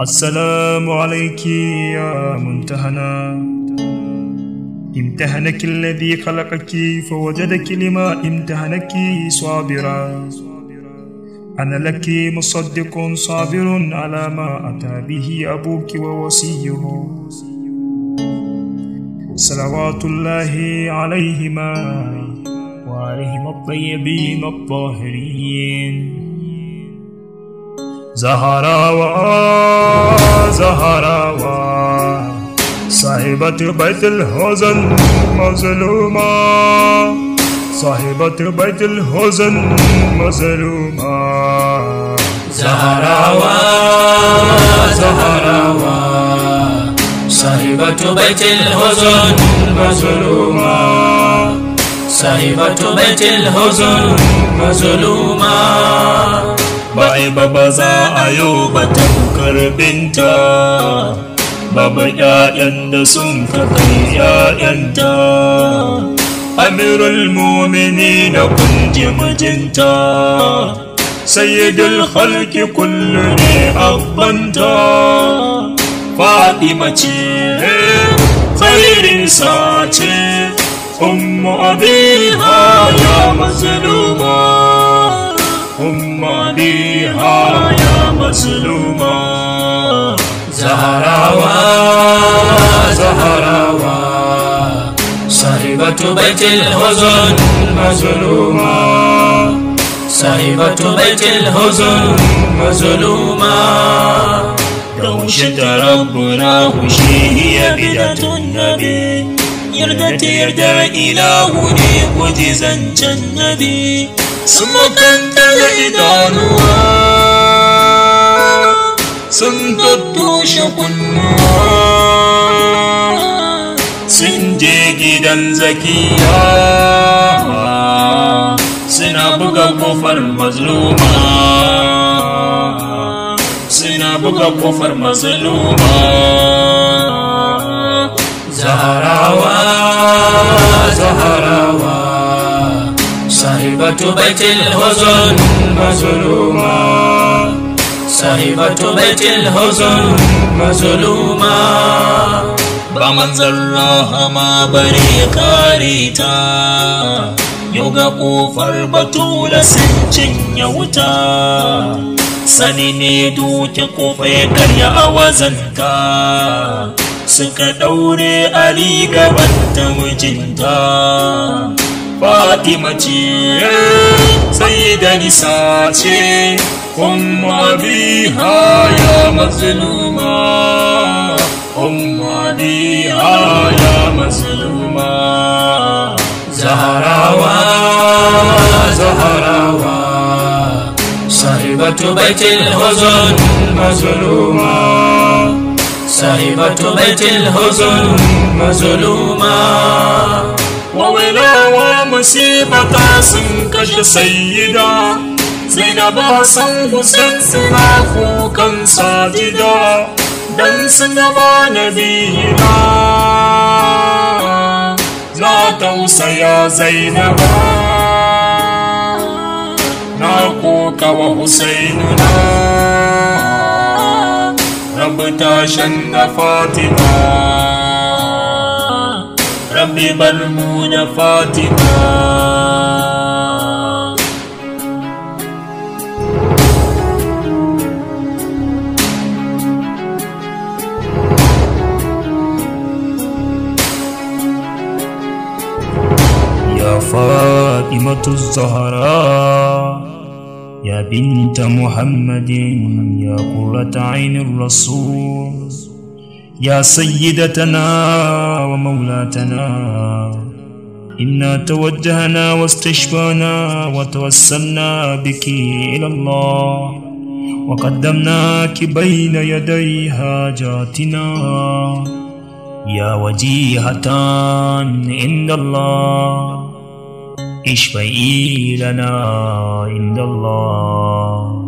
السلام عليك يا منتهنا امتهنك الذي خلقك فوجدك لما امتهنك صابرا أنا لك مصدق صابر على ما أتى به أبوك ووصيه صلوات الله عليهما وعليهما الطيبين الطاهرين زهرا زهرا زهراوة صاحبة بيت الحزن مظلومة صاحبة بيت الحزن مظلومة زهرا زهراوة صاحبة بيت الحزن مظلومة صاحبة بيت الحزن مظلومة bai baba za a yau ba ta karbinta baba ƴaƴan da sun ka kai ƴaƴanta amirul mumini na kunji mijinta sayyidul halki kullu ne abbanta fatima ce khairin sace ummu abiha ya mazluma أمتي يا مسلومة زهراوة زهراوة صاحبة بيت الحزن المظلومة صاحبة بيت الحزن المظلومة روشة ربنا وشيه يا بدعة النبي يردت إله لي وجزا جنبي sun makandala idanuwa sun tattoshe kunnuwa sun je gidan zakiya suna buga kofar mazluma suna buga kofar mazluma zaharawa zaharawa sahibatu baitil huzun mazuluma sahibatu baitil huzun mazuluma ba manzon rahama bari karita yoga kofar batula sun ya wuta sani ne duke kofa ya karya a wazanta suka daure ali gaban ta mijinta فاطمة سيد نساء قم بها يا مظلومة قم بها يا مظلومة زهراوة زهراوة صاحبة بيت الحزن مظلومة صاحبة بيت الحزن مظلومة musibata sun kashe sayyida zainaba san husain suna kukan sajida dan suna ba biyida na tausaya zainaba na koka wa na rabu tashin na fatima بمضمون يا فاطمة الزهراء يا بنت محمد يا قرة عين الرسول يا سيدتنا ومولاتنا إنا توجهنا واستشفانا وتوسلنا بك إلى الله وقدمناك بين يدي حاجاتنا يا وجيهة عند الله اشفئي لنا عند الله